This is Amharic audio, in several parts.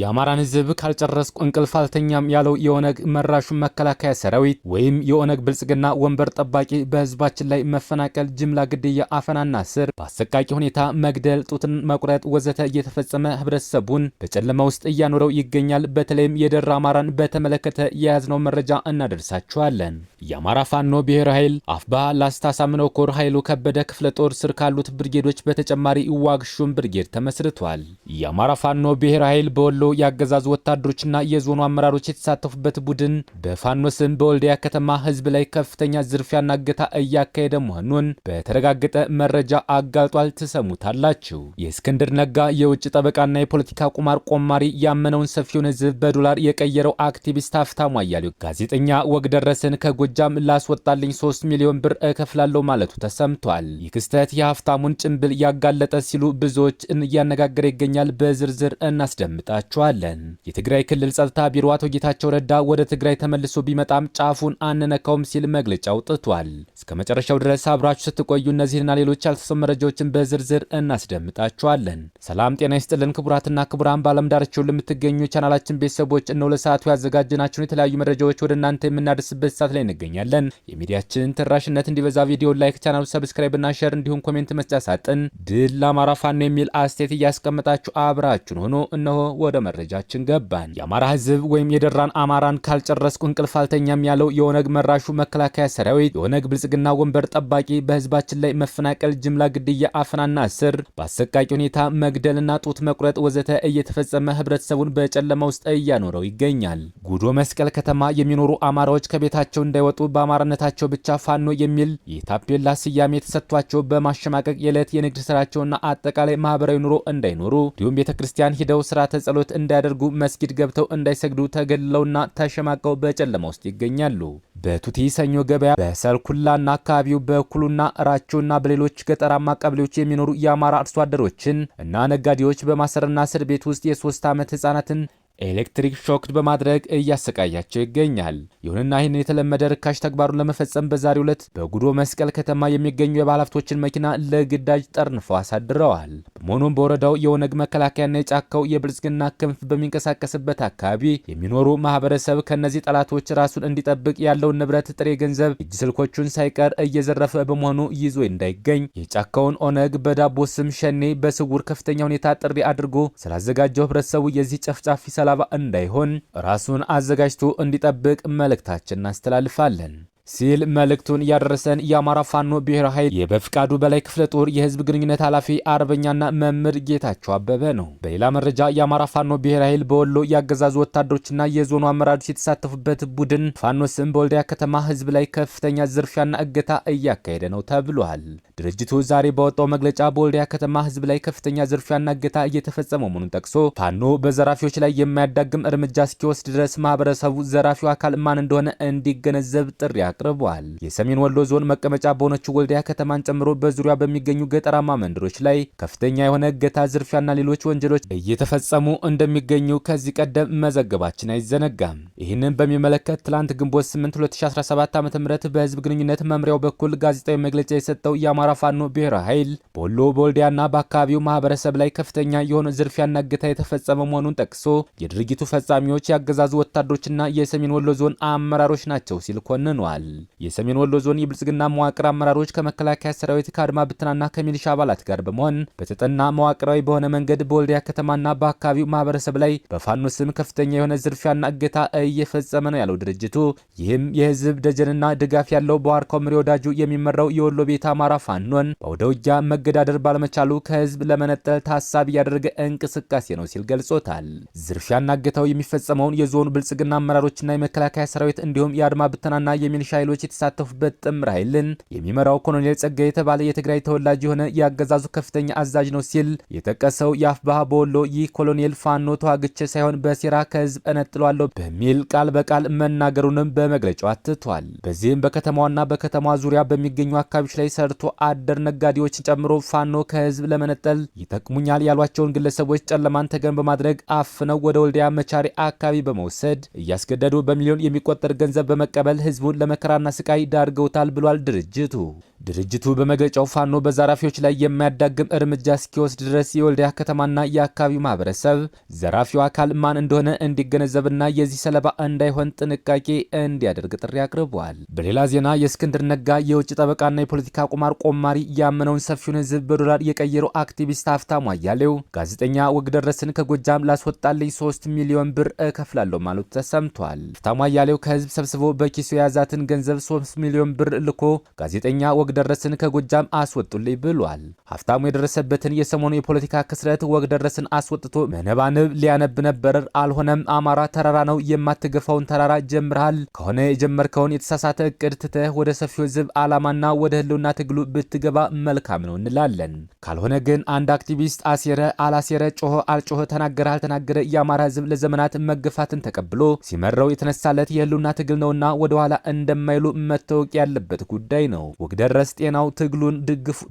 የአማራን ህዝብ ካልጨረስኩ እንቅልፍ አልተኛም ያለው የኦነግ መራሹ መከላከያ ሰራዊት ወይም የኦነግ ብልጽግና ወንበር ጠባቂ በህዝባችን ላይ መፈናቀል፣ ጅምላ ግድያ፣ አፈናና ስር በአሰቃቂ ሁኔታ መግደል፣ ጡትን መቁረጥ ወዘተ እየተፈጸመ ህብረተሰቡን በጨለማ ውስጥ እያኖረው ይገኛል። በተለይም የደራ አማራን በተመለከተ የያዝነው መረጃ እናደርሳችኋለን። የአማራ ፋኖ ብሔር ኃይል አፍባ ላስታ ሳምነው ኮር ኃይሉ ከበደ ክፍለ ጦር ስር ካሉት ብርጌዶች በተጨማሪ ዋግሹም ብርጌድ ተመስርቷል። የአማራ ፋኖ ብሔር ኃይል በወሎ የአገዛዙ ወታደሮችና የዞኑ አመራሮች የተሳተፉበት ቡድን በፋኖ ስም በወልዲያ ከተማ ህዝብ ላይ ከፍተኛ ዝርፊያና እገታ እያካሄደ መሆኑን በተረጋገጠ መረጃ አጋልጧል። ትሰሙታላችሁ። የእስክንድር ነጋ የውጭ ጠበቃና የፖለቲካ ቁማር ቆማሪ ያመነውን ሰፊውን ህዝብ በዶላር የቀየረው አክቲቪስት ሀፍታሙ አያሌው ጋዜጠኛ ወግደረስን ከጎ እርምጃም ላስወጣልኝ ሶስት ሚሊዮን ብር እከፍላለሁ ማለቱ ተሰምቷል። ይህ ክስተት የሀብታሙን ጭንብል ያጋለጠ ሲሉ ብዙዎች እያነጋገረ ይገኛል። በዝርዝር እናስደምጣችኋለን። የትግራይ ክልል ጸጥታ ቢሮ አቶ ጌታቸው ረዳ ወደ ትግራይ ተመልሶ ቢመጣም ጫፉን አንነካውም ሲል መግለጫ አውጥቷል። እስከ መጨረሻው ድረስ አብራችሁ ስትቆዩ እነዚህና ሌሎች ያልተሰሙ መረጃዎችን በዝርዝር እናስደምጣችኋለን። ሰላም ጤና ይስጥልን ክቡራትና ክቡራን በዓለም ዳርቻው ለምትገኙ ቻናላችን ቤተሰቦች እነሆ ለሰዓቱ ያዘጋጀናቸውን የተለያዩ መረጃዎች ወደ እናንተ የምናደርስበት ሰዓት ላይ እንገኛለን። የሚዲያችን ተደራሽነት እንዲበዛ ቪዲዮ ላይክ፣ ቻናሉ ሰብስክራይብ እና ሼር እንዲሁም ኮሜንት መስጫ ሳጥን ድል ለአማራ ፋኖ የሚል አስተያየት እያስቀመጣችሁ አብራችሁን ሆኖ እነሆ ወደ መረጃችን ገባን። የአማራ ህዝብ ወይም የደራን አማራን ካልጨረስኩ እንቅልፍ አልተኛም ያለው የኦነግ መራሹ መከላከያ ሰራዊት የኦነግ ብልጽግና ወንበር ጠባቂ በህዝባችን ላይ መፈናቀል፣ ጅምላ ግድያ፣ አፈናና እስር በአሰቃቂ ሁኔታ መግደልና ጡት መቁረጥ ወዘተ እየተፈጸመ ህብረተሰቡን በጨለማ ውስጥ እያኖረው ይገኛል። ጉዶ መስቀል ከተማ የሚኖሩ አማራዎች ከቤታቸው እንዳይወ ሲወጡ በአማራነታቸው ብቻ ፋኖ የሚል የታፔላ ስያሜ የተሰጥቷቸው በማሸማቀቅ የዕለት የንግድ ስራቸውና አጠቃላይ ማህበራዊ ኑሮ እንዳይኖሩ እንዲሁም ቤተ ክርስቲያን ሂደው ስርዓተ ጸሎት እንዳያደርጉ መስጊድ ገብተው እንዳይሰግዱ ተገልለውና ተሸማቀው በጨለማ ውስጥ ይገኛሉ። በቱቲ ሰኞ ገበያ፣ በሰልኩላና አካባቢው፣ በኩሉና ራቸውና በሌሎች ገጠራማ ቀበሌዎች የሚኖሩ የአማራ አርሶ አደሮችን እና ነጋዴዎች በማሰርና እስር ቤት ውስጥ የሶስት ዓመት ህጻናትን ኤሌክትሪክ ሾክድ በማድረግ እያሰቃያቸው ይገኛል። ይሁንና ይህንን የተለመደ ርካሽ ተግባሩን ለመፈጸም በዛሬው ዕለት በጉዶ መስቀል ከተማ የሚገኙ የባለሀብቶችን መኪና ለግዳጅ ጠርንፈው አሳድረዋል። መሆኑም በወረዳው የኦነግ መከላከያና የጫካው የብልጽግና ክንፍ በሚንቀሳቀስበት አካባቢ የሚኖሩ ማህበረሰብ ከእነዚህ ጠላቶች ራሱን እንዲጠብቅ ያለውን ንብረት፣ ጥሬ ገንዘብ፣ እጅ ስልኮቹን ሳይቀር እየዘረፈ በመሆኑ ይዞ እንዳይገኝ የጫካውን ኦነግ በዳቦ ስም ሸኔ በስውር ከፍተኛ ሁኔታ ጥሪ አድርጎ ስላዘጋጀው ህብረተሰቡ የዚህ ጨፍጫፊ ሰላባ እንዳይሆን ራሱን አዘጋጅቶ እንዲጠብቅ መልእክታችን እናስተላልፋለን። ሲል መልእክቱን ያደረሰን የአማራ ፋኖ ብሔራዊ ኃይል የበፍቃዱ በላይ ክፍለ ጦር የህዝብ ግንኙነት ኃላፊ አርበኛና መምህር ጌታቸው አበበ ነው። በሌላ መረጃ የአማራ ፋኖ ብሔራዊ ኃይል በወሎ የአገዛዙ ወታደሮችና የዞኑ አመራሮች የተሳተፉበት ቡድን ፋኖ ስም በወልዲያ ከተማ ህዝብ ላይ ከፍተኛ ዝርፊያና እገታ እያካሄደ ነው ተብሏል። ድርጅቱ ዛሬ በወጣው መግለጫ በወልዲያ ከተማ ህዝብ ላይ ከፍተኛ ዝርፊያና እገታ እየተፈጸመ መሆኑን ጠቅሶ ፋኖ በዘራፊዎች ላይ የማያዳግም እርምጃ እስኪወስድ ድረስ ማህበረሰቡ ዘራፊው አካል ማን እንደሆነ እንዲገነዘብ ጥሪ አቅርበዋል። የሰሜን ወሎ ዞን መቀመጫ በሆነችው ወልዲያ ከተማን ጨምሮ በዙሪያ በሚገኙ ገጠራማ መንደሮች ላይ ከፍተኛ የሆነ እገታ፣ ዝርፊያና ሌሎች ወንጀሎች እየተፈጸሙ እንደሚገኙ ከዚህ ቀደም መዘገባችን አይዘነጋም። ይህንን በሚመለከት ትላንት ግንቦት 8 2017 ዓ ም በህዝብ ግንኙነት መምሪያው በኩል ጋዜጣዊ መግለጫ የሰጠው የአማራ ፋኖ ብሔራዊ ኃይል በወሎ በወልዲያና በአካባቢው ማህበረሰብ ላይ ከፍተኛ የሆነ ዝርፊያና እገታ የተፈጸመ መሆኑን ጠቅሶ የድርጊቱ ፈጻሚዎች ያገዛዙ ወታደሮችና የሰሜን ወሎ ዞን አመራሮች ናቸው ሲል ኮንኗል። ይገኛል። የሰሜን ወሎ ዞን የብልጽግና መዋቅር አመራሮች ከመከላከያ ሰራዊት ከአድማ ብትናና ከሚሊሻ አባላት ጋር በመሆን በተጠና መዋቅራዊ በሆነ መንገድ በወልዲያ ከተማና በአካባቢው ማህበረሰብ ላይ በፋኖ ስም ከፍተኛ የሆነ ዝርፊያና እገታ እየፈጸመ ነው ያለው ድርጅቱ ይህም የህዝብ ደጀንና ድጋፍ ያለው በዋርካው ምሬ ወዳጁ የሚመራው የወሎ ቤት አማራ ፋኖን በአውደ ውጊያ መገዳደር ባለመቻሉ ከህዝብ ለመነጠል ታሳቢ ያደረገ እንቅስቃሴ ነው ሲል ገልጾታል። ዝርፊያና እገታው የሚፈጸመውን የዞኑ ብልጽግና አመራሮችና የመከላከያ ሰራዊት እንዲሁም የአድማ ብተናና የሚሊሻ ኃይሎች የተሳተፉበት ጥምር ኃይልን የሚመራው ኮሎኔል ጸጋ የተባለ የትግራይ ተወላጅ የሆነ የአገዛዙ ከፍተኛ አዛዥ ነው ሲል የጠቀሰው የአፍባሃ በወሎ ይህ ኮሎኔል ፋኖ ተዋግቼ ሳይሆን በሴራ ከህዝብ እነጥሏለሁ። በሚል ቃል በቃል መናገሩንም በመግለጫው አትቷል። በዚህም በከተማዋና በከተማ ዙሪያ በሚገኙ አካባቢዎች ላይ ሰርቶ አደር ነጋዴዎችን ጨምሮ ፋኖ ከህዝብ ለመነጠል ይጠቅሙኛል ያሏቸውን ግለሰቦች ጨለማን ተገን በማድረግ አፍነው ወደ ወልዲያ መቻሪ አካባቢ በመውሰድ እያስገደዱ በሚሊዮን የሚቆጠር ገንዘብ በመቀበል ህዝቡን ለመ መከራና ስቃይ ዳርገውታል ብሏል ድርጅቱ። ድርጅቱ በመግለጫው ፋኖ በዘራፊዎች ላይ የማያዳግም እርምጃ እስኪወስድ ድረስ የወልዲያ ከተማና የአካባቢው ማህበረሰብ ዘራፊው አካል ማን እንደሆነ እንዲገነዘብና የዚህ ሰለባ እንዳይሆን ጥንቃቄ እንዲያደርግ ጥሪ አቅርበዋል። በሌላ ዜና የእስክንድር ነጋ የውጭ ጠበቃና የፖለቲካ ቁማር ቆማሪ ያመነውን ሰፊውን ህዝብ በዶላር የቀየረው አክቲቪስት ሀብታሙ አያሌው ጋዜጠኛ ወግደረስን ከጎጃም ላስወጣልኝ 3 ሚሊዮን ብር እከፍላለሁ ማለቱ ተሰምቷል። ሀብታሙ አያሌው ከህዝብ ሰብስቦ በኪሱ የያዛትን ገንዘብ 3 ሚሊዮን ብር ልኮ ጋዜጠኛ ወግ ደረስን ከጎጃም አስወጡልኝ ብሏል። ሀብታሙ የደረሰበትን የሰሞኑ የፖለቲካ ክስረት ወግ ደረስን አስወጥቶ መነባንብ ሊያነብ ነበር። አልሆነም። አማራ ተራራ ነው። የማትገፋውን ተራራ ጀምርሃል ከሆነ የጀመርከውን የተሳሳተ እቅድ ትተህ ወደ ሰፊው ህዝብ አላማና ወደ ህልውና ትግሉ ብትገባ መልካም ነው እንላለን። ካልሆነ ግን አንድ አክቲቪስት አሴረ አላሴረ፣ ጮሆ አልጮሆ፣ ተናገረ አልተናገረ የአማራ ህዝብ ለዘመናት መገፋትን ተቀብሎ ሲመራው የተነሳለት የህልውና ትግል ነውና ወደኋላ እንደማይሉ መታወቅ ያለበት ጉዳይ ነው። ወግደረ ለመድረስ ጤናው ትግሉን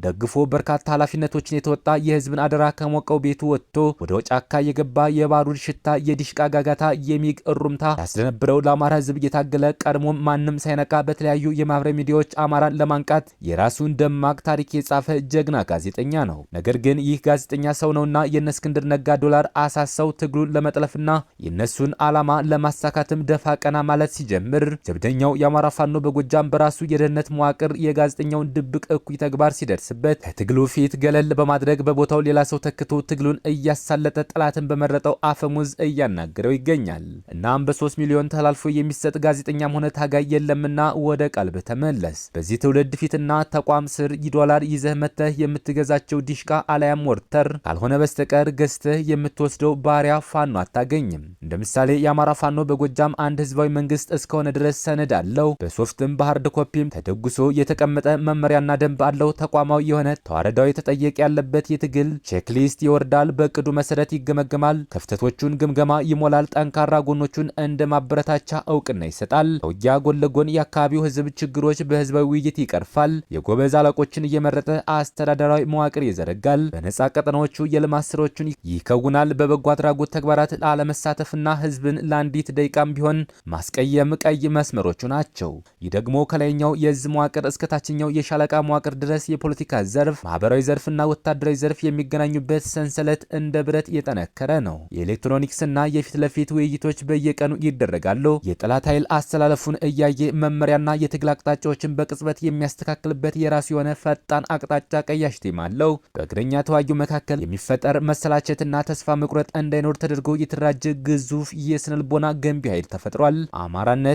ደግፎ በርካታ ኃላፊነቶችን የተወጣ የህዝብን አደራ ከሞቀው ቤቱ ወጥቶ ወደ ጫካ የገባ የባሩድ ሽታ፣ የዲሽቃ ጋጋታ፣ የሚግ እሩምታ ያስደነብረው ለአማራ ህዝብ እየታገለ ቀድሞም ማንም ሳይነቃ በተለያዩ የማህበራዊ ሚዲያዎች አማራን ለማንቃት የራሱን ደማቅ ታሪክ የጻፈ ጀግና ጋዜጠኛ ነው። ነገር ግን ይህ ጋዜጠኛ ሰው ነውና የነ እስክንድር ነጋ ዶላር አሳሰው ትግሉን ለመጥለፍና የነሱን አላማ ለማሳካትም ደፋ ቀና ማለት ሲጀምር ጀብደኛው የአማራ ፋኖ በጎጃም በራሱ የደህንነት መዋቅር የጋዜጠኛው ማንኛውን ድብቅ እኩይ ተግባር ሲደርስበት ከትግሉ ፊት ገለል በማድረግ በቦታው ሌላ ሰው ተክቶ ትግሉን እያሳለጠ ጠላትን በመረጠው አፈሙዝ እያናገረው ይገኛል። እናም በሶስት ሚሊዮን ተላልፎ የሚሰጥ ጋዜጠኛም ሆነ ታጋይ የለምና ወደ ቀልብ ተመለስ። በዚህ ትውልድ ፊትና ተቋም ስር ዶላር ይዘህ መተህ የምትገዛቸው ዲሽቃ አላያም ሞርተር ካልሆነ በስተቀር ገዝተህ የምትወስደው ባሪያ ፋኖ አታገኝም። እንደ ምሳሌ የአማራ ፋኖ በጎጃም አንድ ህዝባዊ መንግስት እስከሆነ ድረስ ሰነድ አለው። በሶፍትም በሃርድ ኮፒም ተደጉሶ የተቀመጠ መመሪያና ደንብ አለው። ተቋማዊ የሆነ ተዋረዳዊ ተጠየቅ ያለበት የትግል ቼክሊስት ይወርዳል። በእቅዱ መሰረት ይገመገማል። ክፍተቶቹን ግምገማ ይሞላል። ጠንካራ ጎኖቹን እንደ ማበረታቻ እውቅና ይሰጣል። ከውጊያ ጎን ለጎን የአካባቢው ህዝብ ችግሮች በህዝባዊ ውይይት ይቀርፋል። የጎበዝ አለቆችን እየመረጠ አስተዳደራዊ መዋቅር ይዘረጋል። በነጻ ቀጠናዎቹ የልማት ስራዎቹን ይከውናል። በበጎ አድራጎት ተግባራት ላለመሳተፍና ህዝብን ለአንዲት ደቂቃም ቢሆን ማስቀየም ቀይ መስመሮቹ ናቸው። ይህ ደግሞ ከላይኛው የህዝብ መዋቅር እስከ ታችኛው የሻለቃ መዋቅር ድረስ የፖለቲካ ዘርፍ፣ ማህበራዊ ዘርፍና ወታደራዊ ዘርፍ የሚገናኙበት ሰንሰለት እንደ ብረት የጠነከረ ነው። የኤሌክትሮኒክስና የፊት ለፊት ውይይቶች በየቀኑ ይደረጋሉ። የጠላት ኃይል አስተላለፉን እያየ መመሪያና የትግል አቅጣጫዎችን በቅጽበት የሚያስተካክልበት የራሱ የሆነ ፈጣን አቅጣጫ ቀያሽ ቲም አለው። በእግረኛ ተዋጊው መካከል የሚፈጠር መሰላቸትና ተስፋ መቁረጥ እንዳይኖር ተደርጎ የተደራጀ ግዙፍ የስነልቦና ገንቢ ኃይል ተፈጥሯል። አማራነት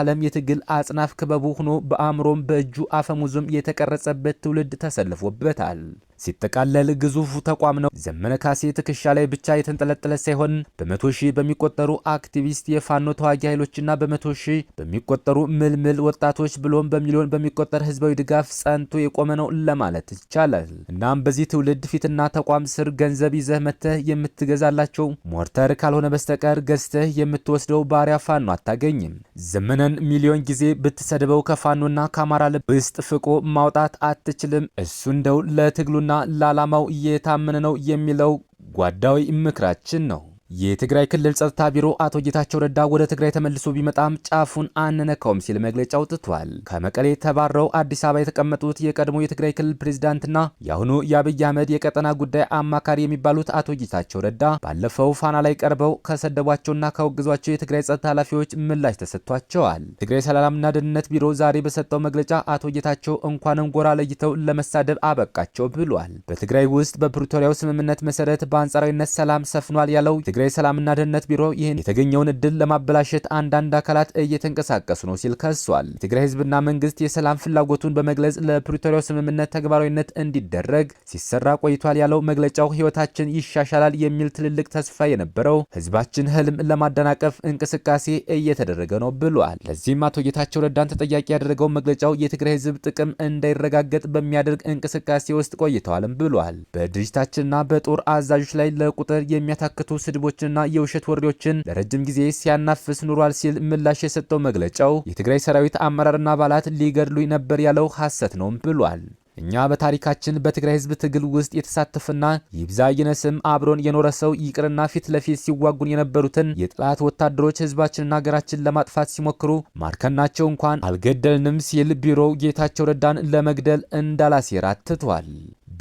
ዓለም የትግል አጽናፍ ክበቡ ሆኖ በአእምሮም በእጁ አፈሙዞ ህዝብም የተቀረጸበት ትውልድ ተሰልፎበታል። ሲጠቃለል ግዙፉ ተቋም ነው። ዘመነ ካሴ ትከሻ ላይ ብቻ የተንጠለጠለ ሳይሆን በመቶ ሺህ በሚቆጠሩ አክቲቪስት የፋኖ ተዋጊ ኃይሎችና በመቶ ሺህ በሚቆጠሩ ምልምል ወጣቶች ብሎም በሚሊዮን በሚቆጠር ህዝባዊ ድጋፍ ጸንቶ የቆመ ነው ለማለት ይቻላል። እናም በዚህ ትውልድ ፊትና ተቋም ስር ገንዘብ ይዘህ መተህ የምትገዛላቸው ሞርተር ካልሆነ በስተቀር ገዝተህ የምትወስደው ባሪያ ፋኖ አታገኝም። ዘመነን ሚሊዮን ጊዜ ብትሰድበው ከፋኖና ከአማራ ልብ ውስጥ ፍቆ ማውጣት አትችልም። እሱ እንደው ለትግሉና ለዓላማው እየታመነ ነው የሚለው ጓዳዊ ምክራችን ነው። የትግራይ ክልል ጸጥታ ቢሮ አቶ ጌታቸው ረዳ ወደ ትግራይ ተመልሶ ቢመጣም ጫፉን አንነካውም ሲል መግለጫ አውጥቷል። ከመቀሌ ተባረው አዲስ አበባ የተቀመጡት የቀድሞ የትግራይ ክልል ፕሬዝዳንትና የአሁኑ የአብይ አህመድ የቀጠና ጉዳይ አማካሪ የሚባሉት አቶ ጌታቸው ረዳ ባለፈው ፋና ላይ ቀርበው ከሰደቧቸውና ካወገዟቸው የትግራይ ጸጥታ ኃላፊዎች ምላሽ ተሰጥቷቸዋል። ትግራይ ሰላምና ደህንነት ቢሮ ዛሬ በሰጠው መግለጫ አቶ ጌታቸው እንኳንም ጎራ ለይተው ለመሳደብ አበቃቸው ብሏል። በትግራይ ውስጥ በፕሪቶሪያው ስምምነት መሰረት በአንጻራዊነት ሰላም ሰፍኗል ያለው የትግራይ ሰላምና ደህንነት ቢሮ ይህን የተገኘውን እድል ለማበላሸት አንዳንድ አካላት እየተንቀሳቀሱ ነው ሲል ከሷል። የትግራይ ህዝብና መንግስት የሰላም ፍላጎቱን በመግለጽ ለፕሪቶሪያው ስምምነት ተግባራዊነት እንዲደረግ ሲሰራ ቆይቷል ያለው መግለጫው ህይወታችን ይሻሻላል የሚል ትልልቅ ተስፋ የነበረው ህዝባችን ህልም ለማደናቀፍ እንቅስቃሴ እየተደረገ ነው ብሏል። ለዚህም አቶ ጌታቸው ረዳን ተጠያቂ ያደረገው መግለጫው የትግራይ ህዝብ ጥቅም እንዳይረጋገጥ በሚያደርግ እንቅስቃሴ ውስጥ ቆይተዋልም ብሏል። በድርጅታችንና በጦር አዛዦች ላይ ለቁጥር የሚያታክቱ ስድቦች ሀሳቦችንና የውሸት ወሬዎችን ለረጅም ጊዜ ሲያናፍስ ኑሯል ሲል ምላሽ የሰጠው መግለጫው የትግራይ ሰራዊት አመራርና አባላት ሊገድሉኝ ነበር ያለው ሀሰት ነው ብሏል። እኛ በታሪካችን በትግራይ ህዝብ ትግል ውስጥ የተሳተፈና ይብዛ ይነስም አብሮን የኖረ ሰው ይቅርና ፊት ለፊት ሲዋጉን የነበሩትን የጠላት ወታደሮች ህዝባችንና ሀገራችን ለማጥፋት ሲሞክሩ ማርከናቸው እንኳን አልገደልንም ሲል ቢሮው ጌታቸው ረዳን ለመግደል እንዳላሴራ ትቷል።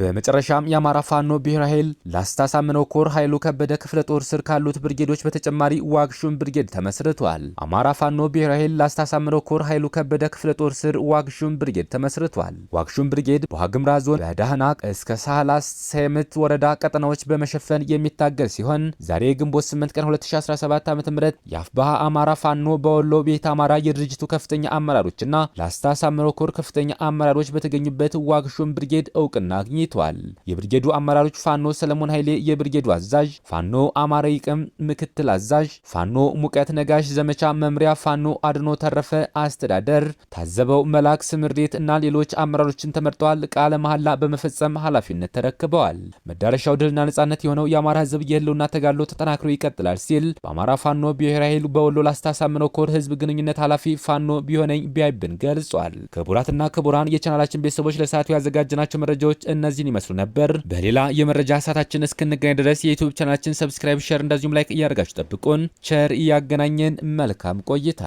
በመጨረሻም የአማራ ፋኖ ብሔራዊ ኃይል ላስታ ሳምነው ኮር ኃይሉ ከበደ ክፍለ ጦር ስር ካሉት ብርጌዶች በተጨማሪ ዋግሹም ብርጌድ ተመስርቷል። አማራ ፋኖ ብሔራዊ ኃይል ላስታ ሳምነው ኮር ኃይሉ ከበደ ክፍለ ጦር ስር ዋግሹም ብርጌድ ተመስርቷል። ዋግሹም ብርጌድ በዋግምራ ዞን በዳህና እስከ ሳህላ ሰምት ወረዳ ቀጠናዎች በመሸፈን የሚታገል ሲሆን ዛሬ ግንቦት 8 ቀን 2017 ዓ.ም የአፍባሃ አማራ ፋኖ በወሎ ቤት አማራ የድርጅቱ ከፍተኛ አመራሮችና ላስታ ሳምነው ኮር ከፍተኛ አመራሮች በተገኙበት ዋግሹም ብርጌድ እውቅና አግኝቷል። ተወያይተዋል። የብርጌዱ አመራሮች ፋኖ ሰለሞን ኃይሌ የብርጌዱ አዛዥ፣ ፋኖ አማረ ይቅም ምክትል አዛዥ፣ ፋኖ ሙቀት ነጋሽ ዘመቻ መምሪያ፣ ፋኖ አድኖ ተረፈ አስተዳደር፣ ታዘበው መላክ ስምርዴት እና ሌሎች አመራሮችን ተመርጠዋል። ቃለ መሐላ በመፈጸም ኃላፊነት ተረክበዋል። መዳረሻው ድልና ነጻነት የሆነው የአማራ ህዝብ የህልውና ተጋድሎ ተጠናክሮ ይቀጥላል ሲል በአማራ ፋኖ ብሔራዊ ኃይል በወሎ ላስታ ሳምነው ኮር ህዝብ ግንኙነት ኃላፊ ፋኖ ቢሆነኝ ቢያይብን ገልጿል። ክቡራትና ክቡራን የቻናላችን ቤተሰቦች ለሰዓቱ ያዘጋጀናቸው መረጃዎች እነዚህ እነዚህን ይመስሉ ነበር። በሌላ የመረጃ ሰዓታችን እስክንገናኝ ድረስ የዩቲዩብ ቻናላችን ሰብስክራይብ፣ ሸር እንደዚሁም ላይክ እያደረጋችሁ ጠብቁን። ቸር እያገናኘን መልካም ቆይታ